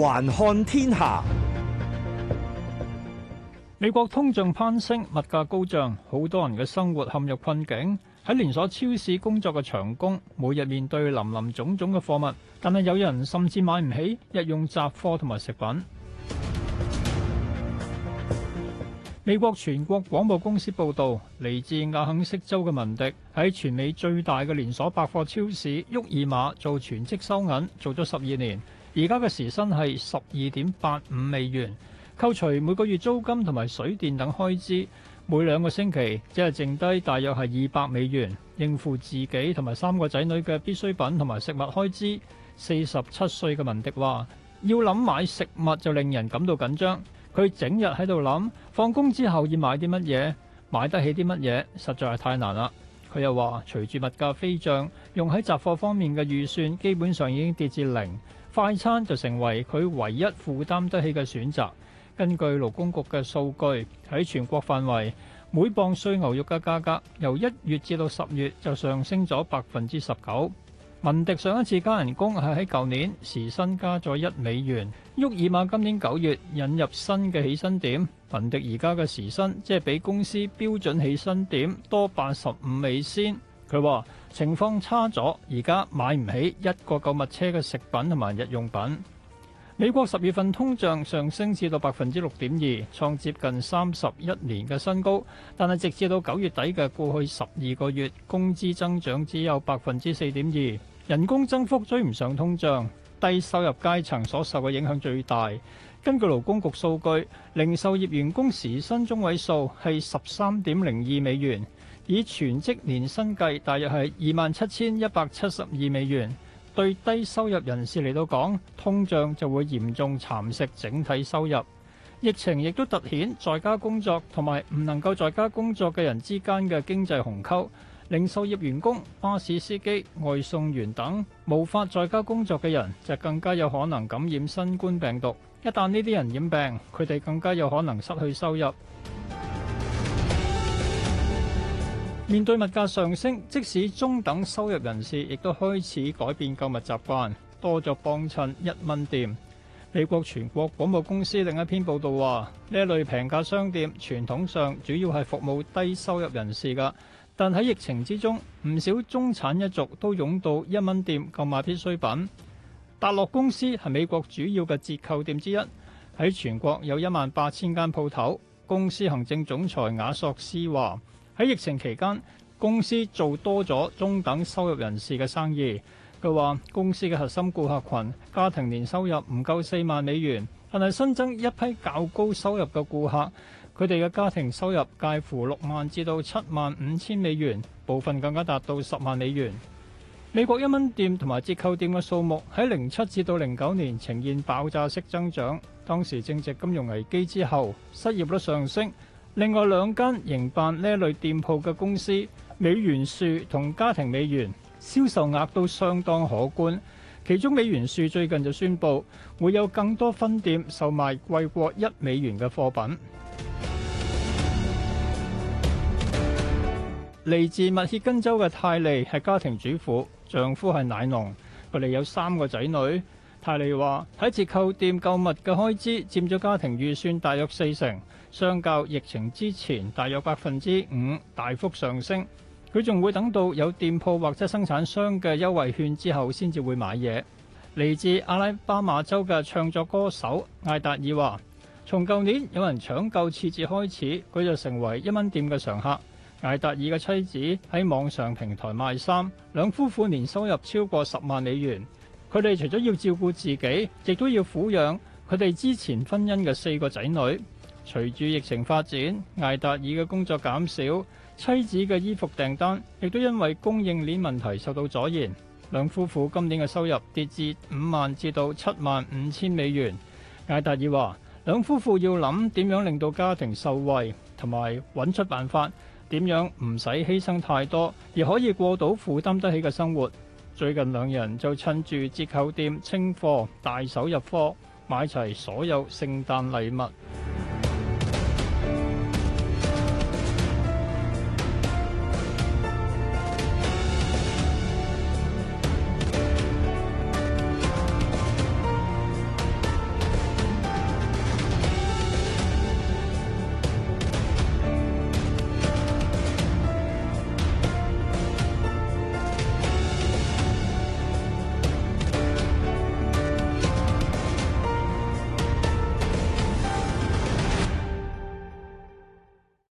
環看天下，美國通脹攀升，物價高漲，好多人嘅生活陷入困境。喺連鎖超市工作嘅長工，每日面對林林種種嘅貨物，但係有人甚至買唔起日用雜貨同埋食品。美國全國廣播公司報道，嚟自亞肯色州嘅文迪喺全美最大嘅連鎖百貨超市沃爾瑪做全職收銀，做咗十二年。而家嘅時薪係十二點八五美元，扣除每個月租金同埋水電等開支，每兩個星期只係剩低大約係二百美元，應付自己同埋三個仔女嘅必需品同埋食物開支。四十七歲嘅文迪話：要諗買食物就令人感到緊張，佢整日喺度諗放工之後要買啲乜嘢，買得起啲乜嘢，實在係太難啦。佢又話：隨住物價飛漲，用喺雜貨方面嘅預算基本上已經跌至零。快餐就成為佢唯一負擔得起嘅選擇。根據勞工局嘅數據，喺全國範圍，每磅碎牛肉嘅價格由一月至到十月就上升咗百分之十九。文迪上一次加人工係喺舊年時薪加咗一美元。沃爾瑪今年九月引入新嘅起薪點，文迪而家嘅時薪即係比公司標準起薪點多八十五美仙。佢話。情況差咗，而家買唔起一個購物車嘅食品同埋日用品。美國十月份通脹上升至到百分之六點二，創接近三十一年嘅新高。但係直至到九月底嘅過去十二個月，工資增長只有百分之四點二，人工增幅追唔上通脹，低收入階層所受嘅影響最大。根據勞工局數據，零售業員工時薪中位數係十三點零二美元。以全職年薪計，大約係二萬七千一百七十二美元。對低收入人士嚟到講，通脹就會嚴重蠶食整體收入。疫情亦都突顯在家工作同埋唔能夠在家工作嘅人之間嘅經濟鴻溝。零售業員工、巴士司機、外送員等無法在家工作嘅人，就更加有可能感染新冠病毒。一旦呢啲人染病，佢哋更加有可能失去收入。面對物價上升，即使中等收入人士亦都開始改變購物習慣，多咗幫襯一蚊店。美國全國廣播公司另一篇報道話，呢類平價商店傳統上主要係服務低收入人士㗎，但喺疫情之中，唔少中產一族都湧到一蚊店購買必需品。達樂公司係美國主要嘅折扣店之一，喺全國有一萬八千間鋪頭。公司行政總裁亞索斯話。喺疫情期間，公司做多咗中等收入人士嘅生意。佢話：公司嘅核心顧客群家庭年收入唔夠四萬美元，但係新增一批較高收入嘅顧客，佢哋嘅家庭收入介乎六萬至到七萬五千美元，部分更加達到十萬美元。美國一蚊店同埋折扣店嘅數目喺零七至到零九年呈現爆炸式增長，當時正值金融危機之後，失業率上升。另外兩間營辦呢類店鋪嘅公司，美元樹同家庭美元，銷售額都相當可觀。其中美元樹最近就宣布會有更多分店售賣貴過一美元嘅貨品。嚟自密歇根州嘅泰利係家庭主婦，丈夫係奶農，佢哋有三個仔女。泰利話：喺折扣店購物嘅開支佔咗家庭預算大約四成，相較疫情之前大約百分之五大幅上升。佢仲會等到有店鋪或者生產商嘅優惠券之後先至會買嘢。嚟自阿拉巴馬州嘅唱作歌手艾達爾話：從舊年有人搶購廁紙開始，佢就成為一蚊店嘅常客。艾達爾嘅妻子喺網上平台賣衫，兩夫婦年收入超過十萬美元。佢哋除咗要照顧自己，亦都要撫養佢哋之前婚姻嘅四個仔女。隨住疫情發展，艾達爾嘅工作減少，妻子嘅衣服訂單亦都因為供應鏈問題受到阻延。兩夫婦今年嘅收入跌至五萬至到七萬五千美元。艾達爾話：兩夫婦要諗點樣令到家庭受惠，同埋揾出辦法點樣唔使犧牲太多，而可以過到負擔得起嘅生活。最近兩人就趁住折扣店清貨，大手入貨，買齊所有聖誕禮物。